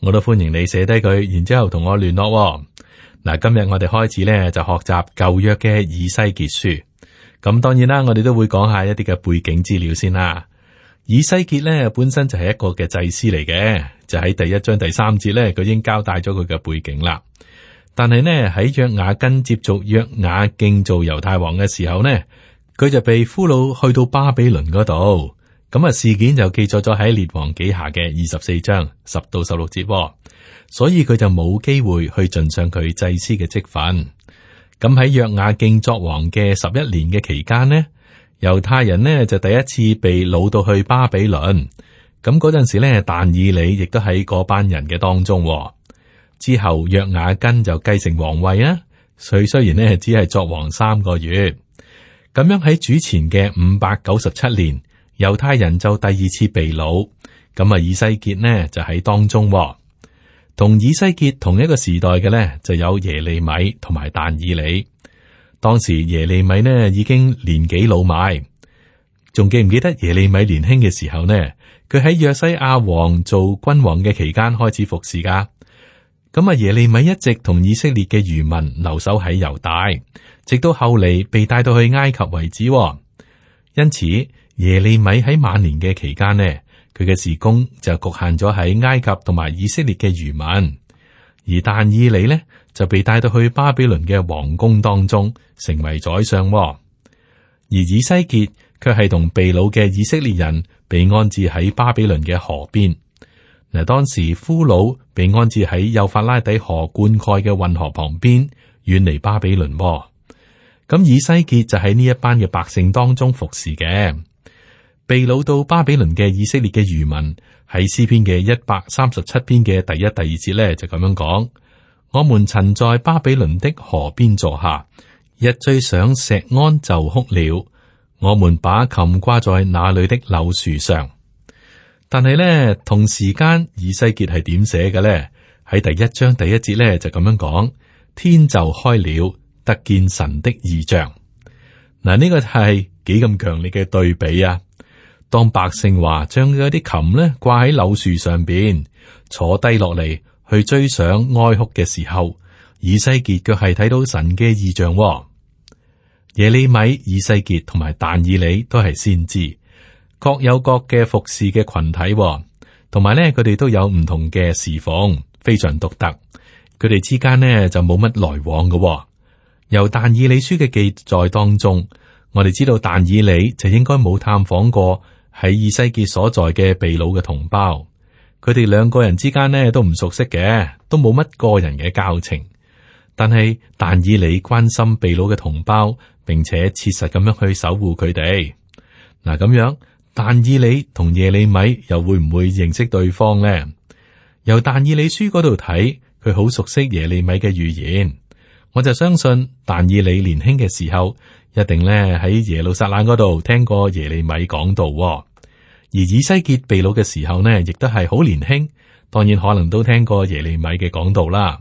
我都歡迎你寫低佢，然之後同我聯絡、喎。嗱，今日我哋開始咧，就學習舊約嘅以西結書。咁當然啦，我哋都會講一下一啲嘅背景資料先啦。以西結咧本身就係一個嘅祭司嚟嘅，就喺、是、第一章第三節咧佢已經交代咗佢嘅背景啦。但係呢，喺約雅斤接續約雅敬做猶太王嘅時候呢，佢就被俘虜去到巴比倫嗰度。咁啊，事件就記載咗喺《列王記》下嘅二十四章十到十六節，哦，所以佢就冇機會去盡上佢祭司嘅職份。咁喺約雅敬作王嘅十一年嘅期間呢，猶太人呢就第一次被擄到去巴比倫。咁嗰陣時呢，但以理亦都喺嗰班人嘅當中，哦。之後約雅根就繼承皇位啊，雖雖然呢只係作王三個月，咁樣喺主前嘅五百九十七年。猶太人就第二次被擄，咁啊，以西結呢就喺當中、哦。同以西結同一個時代嘅，呢就有耶利米同埋但以理。當時耶利米呢已經年紀老邁，仲記唔記得耶利米年輕嘅時候呢？佢喺約西亞王做君王嘅期間開始服侍㗎。咁啊，耶利米一直同以色列嘅餘民留守喺猶大，直到後嚟被帶到去埃及為止、哦。因此。耶利米喺晚年嘅期間呢，佢嘅事工就局限咗喺埃及同埋以色列嘅遺民，而但以理呢，就被帶到去巴比倫嘅皇宮當中，成為宰相。而以西結卻係同被擄嘅以色列人被安置喺巴比倫嘅河邊。嗱，當時俘虜被安置喺幼發拉底河灌溉嘅運河旁邊，遠離巴比倫。咁以西結就喺呢一班嘅百姓當中服侍嘅。被擄到巴比倫嘅以色列嘅餘民，喺詩篇嘅一百三十七篇嘅第一、第二節咧就咁樣講：，我們曾在巴比倫的河邊坐下，一追想錫安就哭了。我們把琴掛在那裏的柳樹上，但係咧同時間，以西結係點寫嘅咧？喺第一章第一節咧就咁樣講：，天就開了，得見神的異象。嗱，呢個係幾咁強烈嘅對比啊！當百姓話將佢啲琴咧掛喺柳樹上邊坐低落嚟去追想哀哭嘅時候，以西結卻係睇到神嘅異象、哦。耶利米、以西結同埋但以理都係先知，各有各嘅服侍嘅群體、哦，同埋咧佢哋都有唔同嘅侍奉，非常獨特。佢哋之間呢，就冇乜來往嘅、哦。由但以理書嘅記載當中，我哋知道但以理就應該冇探訪過。喺以西結所在嘅被擄嘅同胞，佢哋兩個人之間咧都唔熟悉嘅，都冇乜個人嘅交情。但係但以理關心被擄嘅同胞，並且切實咁樣去守護佢哋。嗱、啊、咁樣，但以理同耶利米又會唔會認識對方咧？由但以理書嗰度睇，佢好熟悉耶利米嘅預言，我就相信但以理年輕嘅時候，一定咧喺耶路撒冷嗰度聽過耶利米講道、哦。而以西結被擄嘅時候呢，亦都係好年輕，當然可能都聽過耶利米嘅講道啦。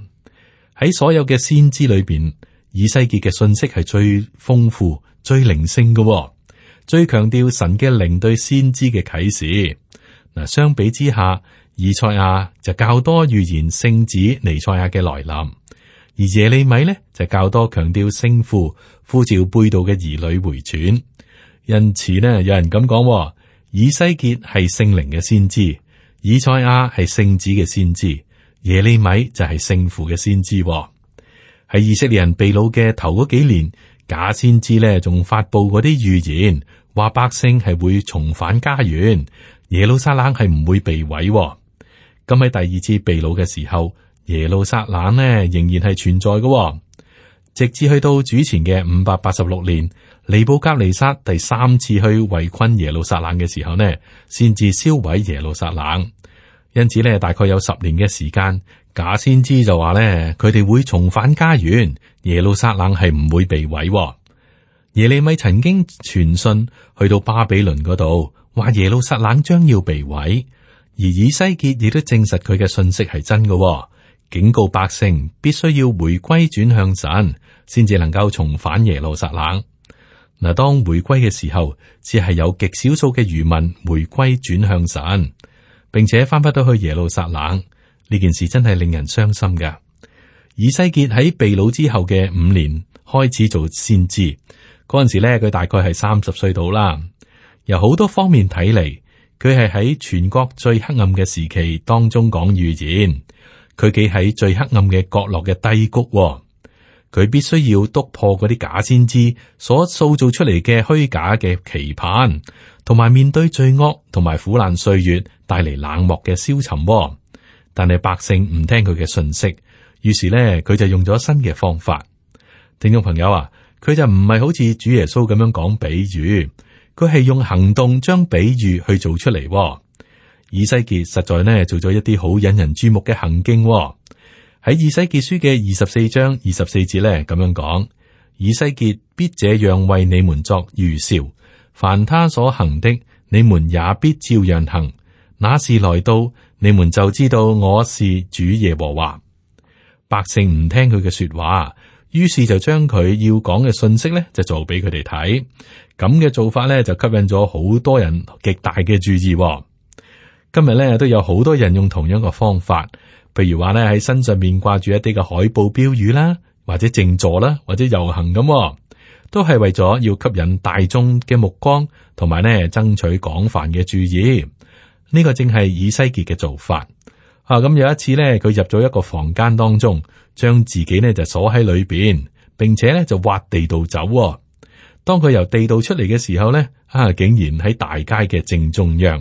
喺所有嘅先知裏邊，以西結嘅信息係最豐富、最靈性嘅、哦，最強調神嘅靈對先知嘅啟示。嗱，相比之下，以賽亞就較多預言聖子尼賽亞嘅來臨，而耶利米呢，就較多強調聖父呼召背道嘅兒女回轉，因此呢，有人咁講、哦。以西結係聖靈嘅先知，以賽亞係聖子嘅先知，耶利米就係聖父嘅先知，哦。喺以色列人被擄嘅頭嗰幾年，假先知呢仲發佈嗰啲預言，話百姓係會重返家園，耶路撒冷係唔會被毀，哦。咁喺第二次被擄嘅時候，耶路撒冷呢仍然係存在嘅，哦，直至去到主前嘅五百八十六年。尼布甲尼撒第三次去圍困耶路撒冷嘅時候呢，先至燒毀耶路撒冷，因此呢，大概有十年嘅時間。假先知就話呢，佢哋會重返家園，耶路撒冷係唔會被毀，哦。耶利米曾經傳信去到巴比倫嗰度，話耶路撒冷將要被毀，而以西結亦都證實佢嘅信息係真嘅，哦，警告百姓必須要回歸轉向神，先至能夠重返耶路撒冷。嗱，當回歸嘅時候，只係有極少數嘅漁民回歸轉向神，並且翻返到去耶路撒冷。呢件事真係令人傷心噶。以西結喺被擄之後嘅五年開始做先知，嗰陣時咧佢大概係三十歲到啦。由好多方面睇嚟，佢係喺全國最黑暗嘅時期當中講預言，佢企喺最黑暗嘅角落嘅低谷、哦。佢必須要篤破嗰啲假先知所塑造出嚟嘅虛假嘅期盼，同埋面對罪惡同埋苦難歲月帶嚟冷漠嘅消沉。但係百姓唔聽佢嘅信息，於是咧佢就用咗新嘅方法。聽眾朋友啊，佢就唔係好似主耶穌咁樣講比喻，佢係用行動將比喻去做出嚟。以西結實在咧做咗一啲好引人注目嘅行徑。喺以西結書嘅二十四章二十四節咧，咁樣講，以西結必這樣為你們作預兆，凡他所行的，你們也必照樣行。那時來到，你們就知道我是主耶和華。百姓唔聽佢嘅說話，於是就將佢要講嘅信息咧，就做俾佢哋睇。咁嘅做法咧，就吸引咗好多人極大嘅注意喎。今日咧，都有好多人用同樣嘅方法。譬如話咧，喺身上面掛住一啲嘅海報標語啦，或者靜坐啦，或者遊行咁，都係為咗要吸引大眾嘅目光，同埋咧爭取廣泛嘅注意。呢、這個正係以西結嘅做法啊。咁有一次咧，佢入咗一個房間當中，將自己咧就鎖喺裏邊，並且咧就挖地道走、哦。當佢由地道出嚟嘅時候咧，啊，竟然喺大街嘅正中央。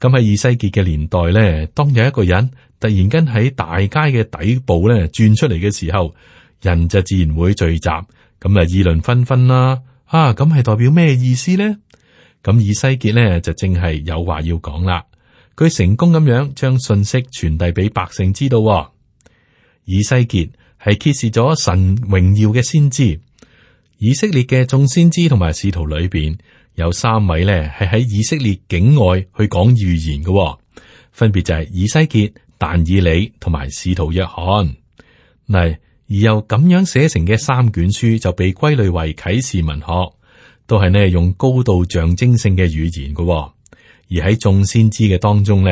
咁、啊、喺以西結嘅年代咧，當有一個人，突然間喺大街嘅底部咧轉出嚟嘅時候，人就自然會聚集，咁啊議論紛紛啦。啊，咁係代表咩意思咧？咁以西結咧就正係有話要講啦。佢成功咁樣將信息傳遞俾百姓知道。以西結係揭示咗神榮耀嘅先知。以色列嘅眾先知同埋使徒裏邊有三位咧，係喺以色列境外去講預言嘅，分別就係以西結、但以理同埋使徒約翰，嗱，而又咁樣寫成嘅三卷書就被歸類為啟示文學，都係呢用高度象徵性嘅語言嘅，而喺眾先知嘅當中呢，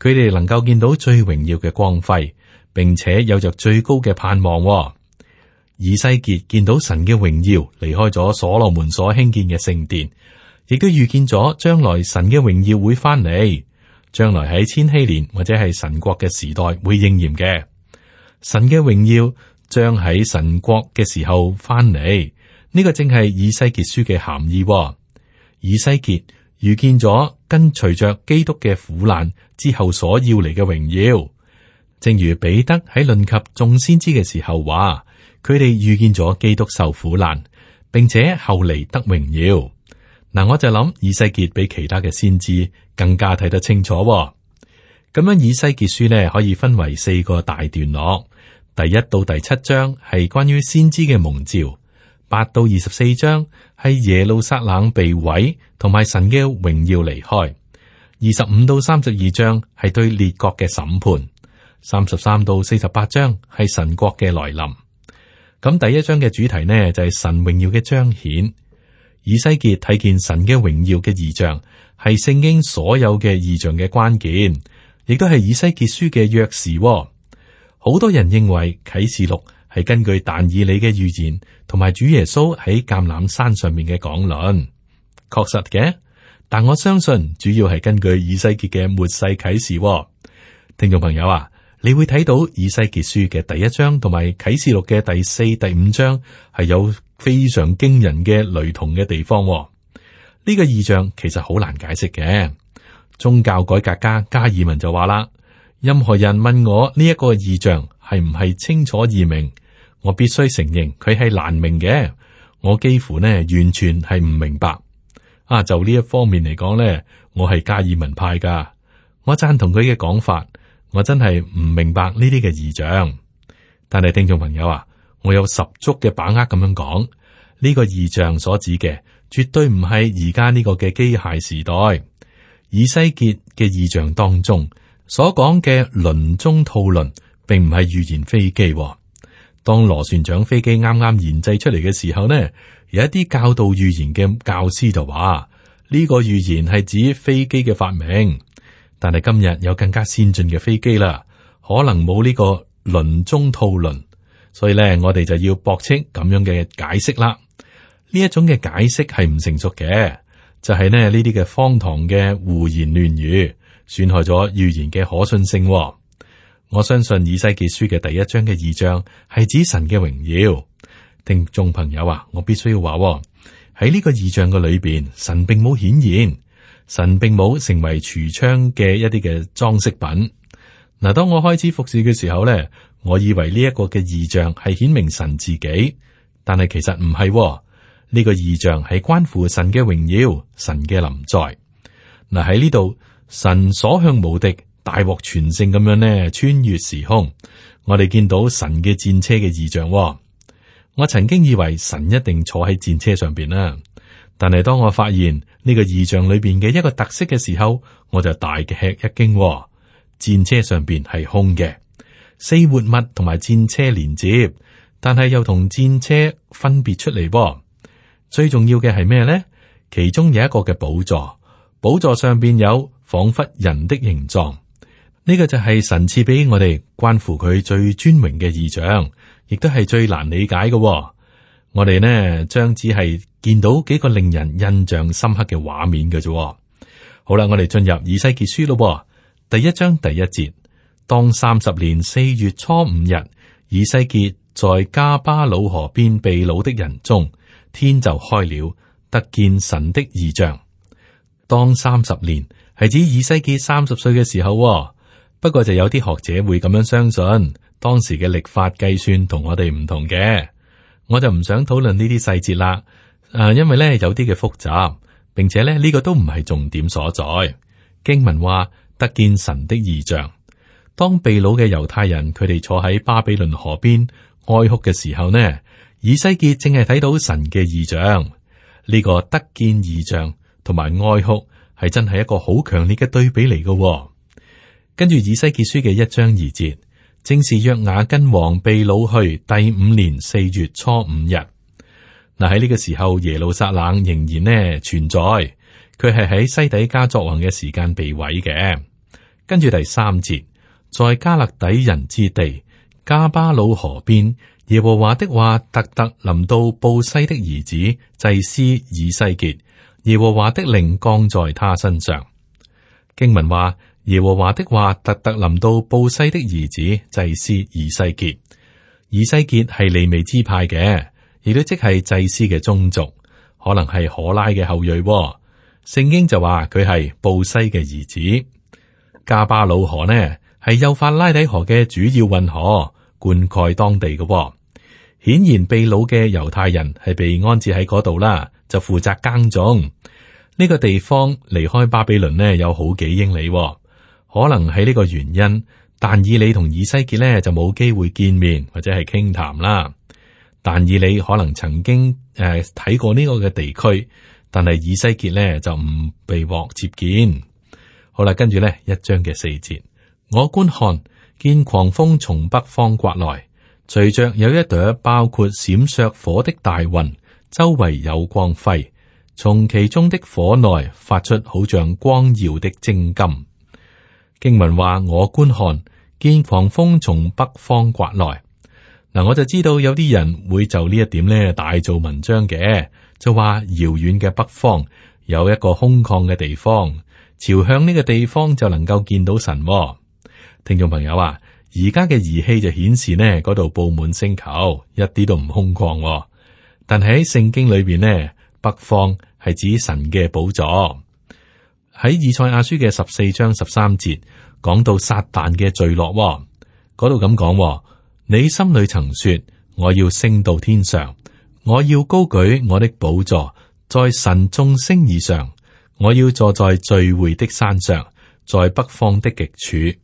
佢哋能夠見到最榮耀嘅光輝，並且有着最高嘅盼望。以西結見到神嘅榮耀，離開咗所羅門所興建嘅聖殿，亦都預見咗將來神嘅榮耀會翻嚟。將來喺千禧年或者係神國嘅時代會應驗嘅，神嘅榮耀將喺神國嘅時候翻嚟。呢、呢個正係以西結書嘅含義、哦。以西結預見咗跟隨着基督嘅苦難之後所要嚟嘅榮耀，正如彼得喺論及眾先知嘅時候話，佢哋預見咗基督受苦難，並且後嚟得榮耀。嗱，我就諗以西結比其他嘅先知更加睇得清楚喎。咁樣以西結書呢，可以分為四個大段落，第一到第七章係關於先知嘅蒙召，八到二十四章係耶路撒冷被毀同埋神嘅榮耀離開，二十五到三十二章係對列國嘅審判，三十三到四十八章係神國嘅來臨。咁第一章嘅主題呢就係、是、神榮耀嘅彰顯。以西結睇見神嘅榮耀嘅異象，係聖經所有嘅異象嘅關鍵，亦都係以西結書嘅約時，哦。好多人認為啟示錄係根據但以理嘅預言同埋主耶穌喺橄欖山上面嘅講論，確實嘅。但我相信主要係根據以西結嘅末世啟示，哦。聽眾朋友啊，你會睇到以西結書嘅第一章同埋啟示錄嘅第四、第五章係有。非常驚人嘅雷同嘅地方，呢、這個異象其實好難解釋嘅。宗教改革家加爾文就話啦：任何人問我呢一個異象係唔係清楚易明，我必須承認佢係難明嘅。我幾乎呢完全係唔明白。啊，就呢一方面嚟講呢，我係加爾文派噶，我讚同佢嘅講法。我真係唔明白呢啲嘅異象。但係聽眾朋友啊。我有十足嘅把握咁樣講，呢個意象所指嘅絕對唔係而家呢個嘅機械時代。以西結嘅意象當中所講嘅輪中套輪，並唔係預言飛機。當螺旋槳飛機啱啱研製出嚟嘅時候呢，有一啲教導預言嘅教師就話呢個預言係指飛機嘅發明，但係今日有更加先進嘅飛機啦，可能冇呢個輪中套輪。所以咧，我哋就要駁斥咁樣嘅解釋啦。呢一種嘅解釋係唔成熟嘅，就係咧呢啲嘅荒唐嘅胡言亂語，損害咗預言嘅可信性。我相信以西結書嘅第一章嘅意象係指神嘅榮耀。聽眾朋友啊，我必須要話喎，喺呢個意象嘅裏邊，神並冇顯現，神並冇成為櫥窗嘅一啲嘅裝飾品。嗱，當我開始服侍嘅時候咧。我以為呢一個嘅異象係顯明神自己，但係其實唔係、哦，呢、這個異象係關乎神嘅榮耀、神嘅臨在。嗱，喺呢度，神所向無敵、大獲全勝咁樣呢穿越時空，我哋見到神嘅戰車嘅異象、哦。我曾經以為神一定坐喺戰車上邊啦，但係當我發現呢個異象裏邊嘅一個特色嘅時候，我就大嘅吃一驚、哦，戰車上邊係空嘅。四活物同埋戰車連接，但係又同戰車分別出嚟喎。最重要嘅係咩咧？其中有一個嘅寶座，寶座上邊有仿佛人的形狀。呢、這個就係神賜俾我哋關乎佢最尊榮嘅意象，亦都係最難理解嘅。我哋呢將只係見到幾個令人印象深刻嘅畫面嘅啫。好啦，我哋進入以西結書咯，第一章第一節。當三十年四月初五日，以西結在加巴魯河邊被擄的人中，天就開了，得見神的異象。當三十年係指以西結三十歲嘅時候、哦，不過就有啲學者會咁樣相信，當時嘅曆法計算同我哋唔同嘅。我就唔想討論呢啲細節啦，誒、啊，因為呢有啲嘅複雜，並且呢呢、這個都唔係重點所在。經文話得見神的異象。當被擄嘅猶太人，佢哋坐喺巴比倫河邊哀哭嘅時候呢，以西結正係睇到神嘅異象。呢、這個得見異象同埋哀哭係真係一個好強烈嘅對比嚟嘅、哦。跟住以西結書嘅一章二節，正是約雅斤王被擄去第五年四月初五日。嗱喺呢個時候，耶路撒冷仍然呢存在。佢係喺西底家作王嘅時間被毀嘅。跟住第三節。在加勒底人之地，加巴魯河邊，耶和華的話特特臨到布西的兒子祭司以西結。耶和華的靈降在他身上。經文話，耶和華的話特特臨到布西的兒子祭司以西結。以西結係利未支派嘅，而都即係祭司嘅宗族，可能係可拉嘅後裔、哦。聖經就話佢係布西嘅兒子。加巴魯河呢？係幼發拉底河嘅主要運河，灌溉當地嘅，哦。顯然，秘魯嘅猶太人係被安置喺嗰度啦，就負責耕種。呢，這個地方離開巴比倫呢有好幾英里，哦，可能喺呢個原因。但以理同以西結呢就冇機會見面或者係傾談啦。但以理可能曾經誒睇，呃，過呢個嘅地區，但係以西結呢就唔被獲接見。好啦，跟住呢一章嘅四節。我觀看，見狂風從北方刮來，隨着有一朵包括閃爍火的大雲，周圍有光輝，從其中的火內發出，好像光耀的精金。經文話：我觀看，見狂風從北方刮來，嗱，我就知道有啲人會就呢一點咧，大做文章嘅，就話遙遠嘅北方有一個空曠嘅地方，朝向呢個地方就能夠見到神喎。聽眾朋友啊，而家嘅儀器就顯示呢嗰度布滿星球，一啲都唔空曠。但係喺聖經裏邊呢，北方係指神嘅寶座。喺以賽亞書嘅十四章十三節講到撒旦嘅墜落嗰度咁講，你心裏曾說，我要升到天上，我要高舉我的寶座，在神眾星以上，我要坐在聚會的山上，在北方的極處。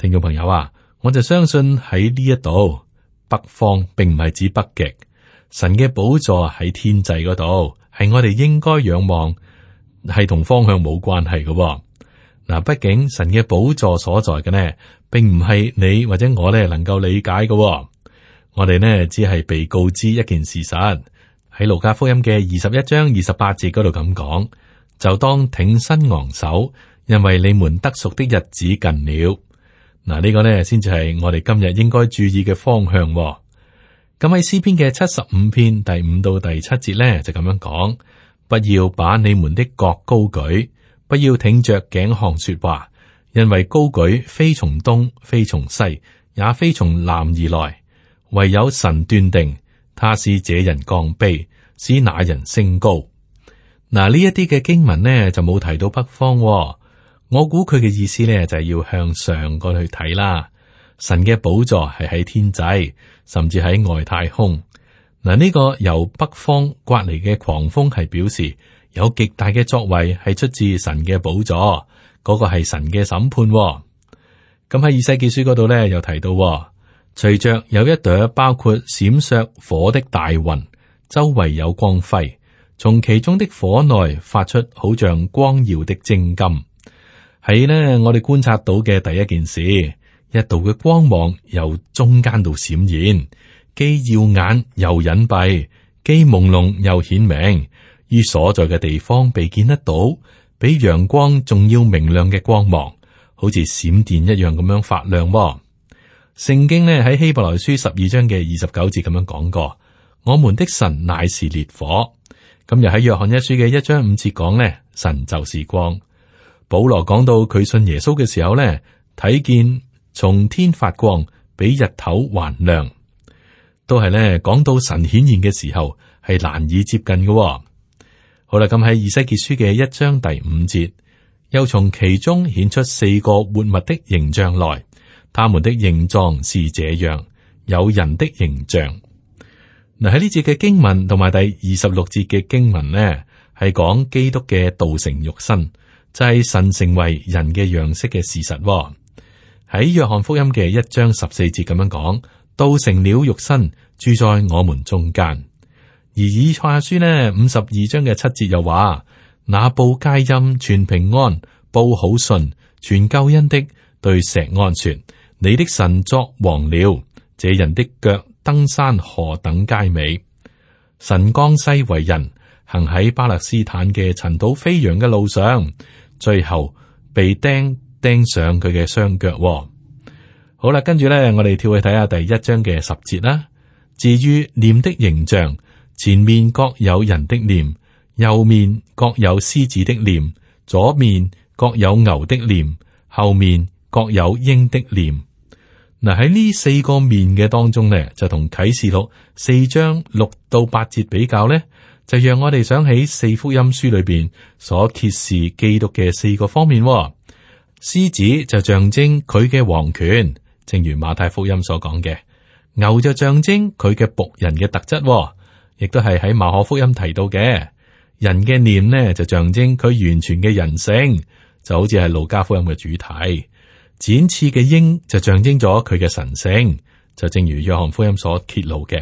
聽眾朋友啊，我就相信喺呢一度北方，並唔係指北極。神嘅寶座喺天際嗰度，係我哋應該仰望，係同方向冇關係嘅。嗱，畢竟神嘅寶座所在嘅呢，並唔係你或者我咧能夠理解嘅哦。我哋呢，只係被告知一件事實喺路加福音嘅二十一章二十八節嗰度咁講，就當挺身昂首，因為你們得贖的日子近了。嗱，呢個呢先至係我哋今日應該注意嘅方向喎。咁喺詩篇嘅七十五篇第五到第七節呢，就咁樣講：「不要把你們的角高舉，不要挺着頸項說話，因為高舉非從東，非從西，也非從南而來，唯有神斷定，他使這人降卑，使那人升高。」嗱，呢一啲嘅經文呢，就冇提到北方喎。我估佢嘅意思咧，就係、是、要向上嗰去睇啦。神嘅寶座係喺天際，甚至喺外太空嗱。呢、這個由北方刮嚟嘅狂風係表示有極大嘅作為，係出自神嘅寶座。嗰、這個係神嘅審判、哦。咁、嗯、喺《以西結書呢》嗰度咧，又提到、哦，隨着有一朵包括閃爍火的大雲，周圍有光輝，從其中的火內發出，好像光耀的精金。係呢，我哋觀察到嘅第一件事，一度嘅光芒由中間度閃現，既耀眼又隱蔽，既朦朧又顯明，於所在嘅地方被見得到，比陽光仲要明亮嘅光芒，好似閃電一樣咁樣發亮。聖經咧喺希伯來書十二章嘅二十九節咁樣講過，我們的神乃是烈火。咁又喺約翰一書嘅一章五節講呢，神就是光。保羅講到佢信耶穌嘅時候呢，睇見從天發光，比日頭還亮，都係呢，講到神顯現嘅時候係難以接近嘅，哦。好啦，咁喺以西結書嘅一章第五節，又從其中顯出四個活物的形象來，他們的形狀是這樣，有人的形象。嗱喺呢節嘅經文同埋第二十六節嘅經文呢係講基督嘅道成肉身。就係神成為人嘅樣式嘅事實喺、哦、約翰福音嘅一章十四節咁樣講，道成了肉身，住在我們中間。而以賽亞書呢五十二章嘅七節又話：那報佳音，傳平安，報好信，傳救恩的，對錫安說，你的神作王了。這人的腳登山何等佳美，神降世為人。行喺巴勒斯坦嘅塵土飛揚嘅路上，最後被釘釘上佢嘅雙腳。好啦，跟住咧，我哋跳去睇下第一章嘅十節啦。至於臉的形象，前面各有人的臉，右面各有獅子的臉，左面各有牛的臉，後面各有鷹的臉。嗱，喺呢四個面嘅當中呢，就同啟示錄四章六到八節比較呢。就讓我哋想起四福音書裏邊所揭示基督嘅四個方面，哦。獅子就象徵佢嘅王權，正如馬太福音所講嘅；牛就象徵佢嘅僕人嘅特質，哦，亦都係喺馬可福音提到嘅。人嘅念呢就象徵佢完全嘅人性，就好似係路加福音嘅主題。展翅嘅鷹就象徵咗佢嘅神性，就正如約翰福音所揭露嘅。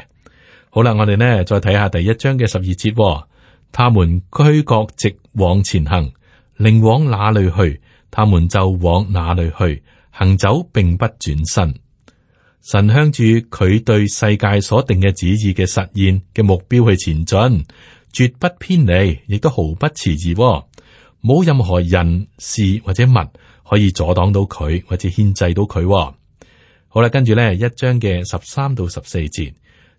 好啦，我哋呢再睇下第一章嘅十二節、哦，他們俱各直往前行，靈往哪裏去，他們就往哪裏去，行走並不轉身。神向住佢對世界所定嘅旨意嘅實現嘅目標去前進，絕不偏離，亦都毫不遲疑、哦，冇任何人事或者物可以阻擋到佢或者牽制到佢、哦。好啦，跟住呢一章嘅十三到十四節。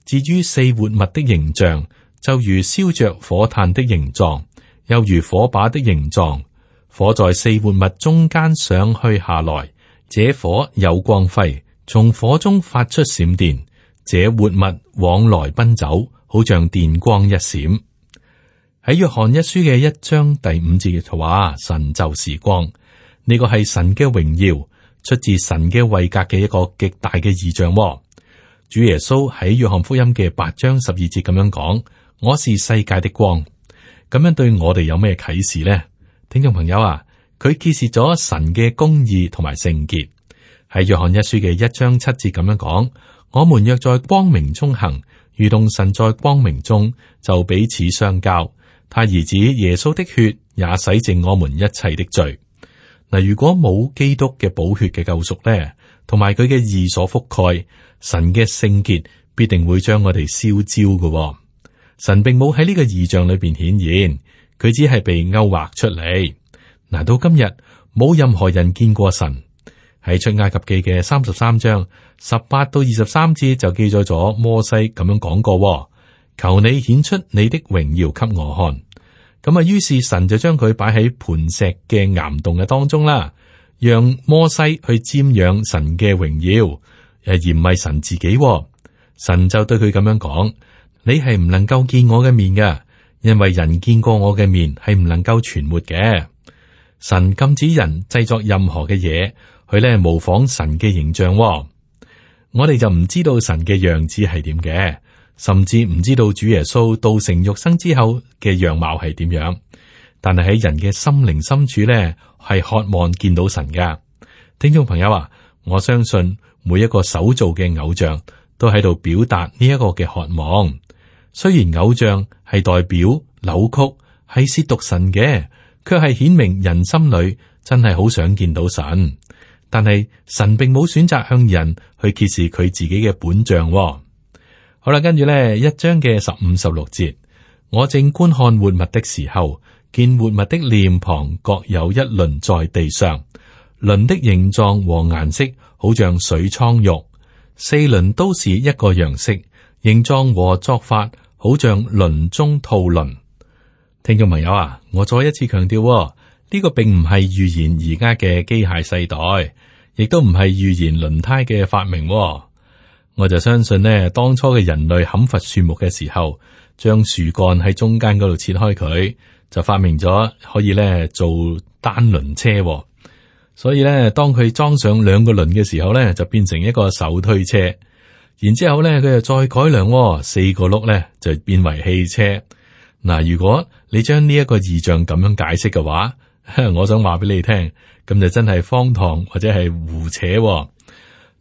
至於四活物的形象，就如燒着火炭的形狀，又如火把的形狀。火在四活物中間上去下來，這火有光輝，從火中發出閃電。這活物往來奔走，好像電光一閃。喺約翰一書嘅一章第五節嘅圖畫，神就是光，呢、這個係神嘅榮耀，出自神嘅位格嘅一個極大嘅異象。主耶穌喺約翰福音嘅八章十二節咁樣講：「我是世界的光。咁樣對我哋有咩啟示呢？」聽眾朋友啊，佢揭示咗神嘅公義同埋聖潔。喺約翰一書嘅一章七節咁樣講：「我們若在光明中行，如同神在光明中，就彼此相交。他兒子耶穌的血也洗淨我們一切的罪。嗱，如果冇基督嘅補血嘅救贖咧，同埋佢嘅義所覆蓋。神嘅聖潔必定會將我哋燒焦嘅、哦。神並冇喺呢個異象裏邊顯現，佢只係被勾畫出嚟。嗱，到今日冇任何人見過神。喺出埃及記嘅三十三章十八到二十三節就記載咗摩西咁樣講過、哦，求你顯出你的榮耀給我看。咁啊，於是神就將佢擺喺磐石嘅岩洞嘅當中啦，讓摩西去瞻仰神嘅榮耀。誒，而唔係神自己，哦，神就對佢咁樣講，你係唔能夠見我嘅面嘅，因為人見過我嘅面係唔能夠存活嘅。神禁止人製作任何嘅嘢，佢咧模仿神嘅形象，哦。我哋就唔知道神嘅樣子係點嘅，甚至唔知道主耶穌道成肉身之後嘅樣貌係點樣。但係喺人嘅心靈深處咧，係渴望見到神噶。聽眾朋友啊，我相信。每一個手造嘅偶像都喺度表達呢一個嘅渴望。雖然偶像係代表扭曲，係褻瀆神嘅，卻係顯明人心裏真係好想見到神。但係神並冇選擇向人去揭示佢自己嘅本像。好啦，跟住呢一章嘅十五十六節，我正觀看活物的時候，見活物的臉旁各有一輪在地上，輪的形狀和顏色。好像水蒼玉，四輪都是一個樣式，形狀和作法，好像輪中套輪。聽眾朋友啊，我再一次強調，呢、這個並唔係預言而家嘅機械世代，亦都唔係預言輪胎嘅發明。我就相信呢，當初嘅人類砍伐樹木嘅時候，將樹幹喺中間嗰度切開佢，就發明咗可以呢做單輪車。所以咧，當佢裝上兩個輪嘅時候咧，就變成一個手推車。然之後咧，佢又再改良，哦，四個轆咧就變為汽車。嗱、啊，如果你將呢一個異象咁樣解釋嘅話， 我想話俾你聽，咁就真係荒唐或者係胡扯，哦。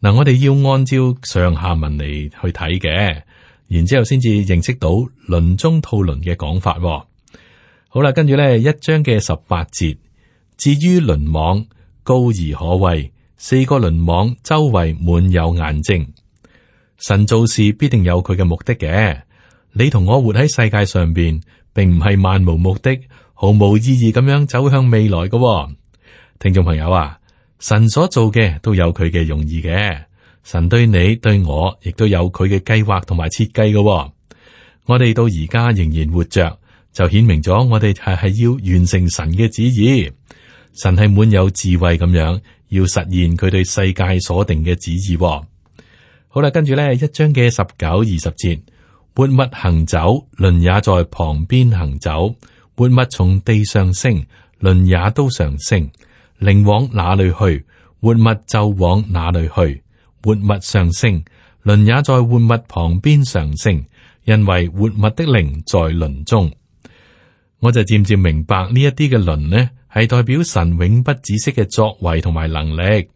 嗱、啊，我哋要按照上下文嚟去睇嘅，然之後先至認識到輪中套輪嘅講法，哦。好啦，跟住咧一章嘅十八節，至於輪網。高而可畏，四個輪網周圍滿有眼睛。神做事必定有佢嘅目的嘅。你同我活喺世界上邊，並唔係漫無目的、毫無意義咁樣走向未來嘅、哦。聽眾朋友啊，神所做嘅都有佢嘅用意嘅。神對你、對我，亦都有佢嘅計劃同埋設計嘅。我哋到而家仍然活着，就顯明咗我哋係係要完成神嘅旨意。神係滿有智慧，咁樣要實現佢對世界所定嘅旨意喎。好啦，跟住咧，一章嘅十九二十節，活物行走，輪也在旁邊行走；活物從地上升，輪也都上升。靈往哪裏去，活物就往哪裏去。活物上升，輪也在活物旁邊上升，因為活物的靈在輪中。我就漸漸明白呢一啲嘅輪呢。係代表神永不止息嘅作為同埋能力。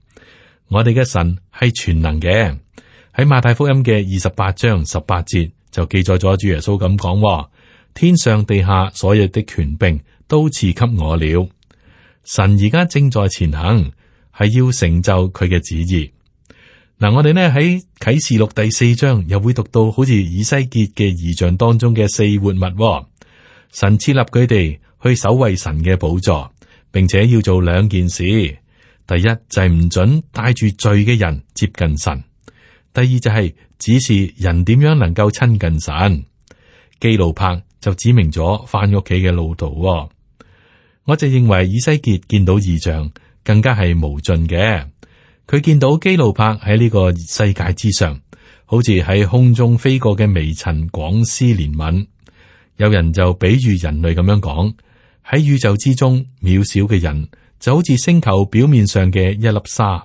我哋嘅神係全能嘅。喺馬太福音嘅二十八章十八節就記載咗，主耶穌咁講：天上地下所有的權柄都賜給我了。神而家正在前行，係要成就佢嘅旨意。嗱、嗯，我哋呢喺啟示錄第四章又會讀到，好似以西結嘅異象當中嘅四活物，神設立佢哋去守衛神嘅寶座。並且要做兩件事，第一就係，唔准帶住罪嘅人接近神；第二就係，指示人點樣能夠親近神。基路伯就指明咗返屋企嘅路途。我就認為以西結見到異象更加係無盡嘅。佢見到基路伯喺呢個世界之上，好似喺空中飛過嘅微塵，廣施憐憫。有人就比喻人類咁樣講。喺宇宙之中渺小嘅人就好似星球表面上嘅一粒沙，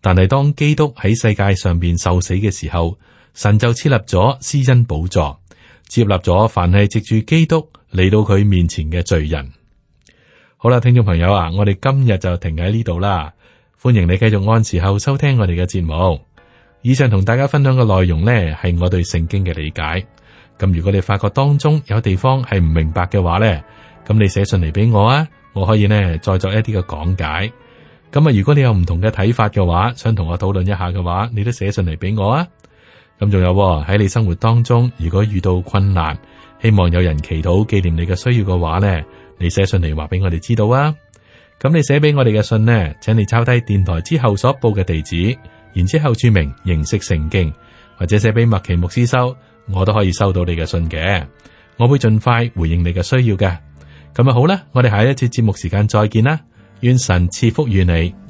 但係當基督喺世界上邊受死嘅時候，神就設立咗施恩寶座，接納咗凡係藉住基督嚟到佢面前嘅罪人。好啦，聽眾朋友啊，我哋今日就停喺呢度啦。歡迎你繼續按時候收聽我哋嘅節目。以上同大家分享嘅內容咧，係我對聖經嘅理解。咁如果你發覺當中有地方係唔明白嘅話咧，咁你寫信嚟俾我啊，我可以呢再做一啲嘅講解。咁啊，如果你有唔同嘅睇法嘅話，想同我討論一下嘅話，你都寫信嚟俾我啊。咁仲有喺你生活當中，如果遇到困難，希望有人祈禱紀念你嘅需要嘅話呢，你寫信嚟話俾我哋知道啊。咁你寫俾我哋嘅信呢，請你抄低電台之後所報嘅地址，然之後註明認識聖經，或者寫俾麥奇牧師收，我都可以收到你嘅信嘅。我會盡快回應你嘅需要嘅。咁啊好啦，我哋下一次節目時間再見啦，願神賜福於你。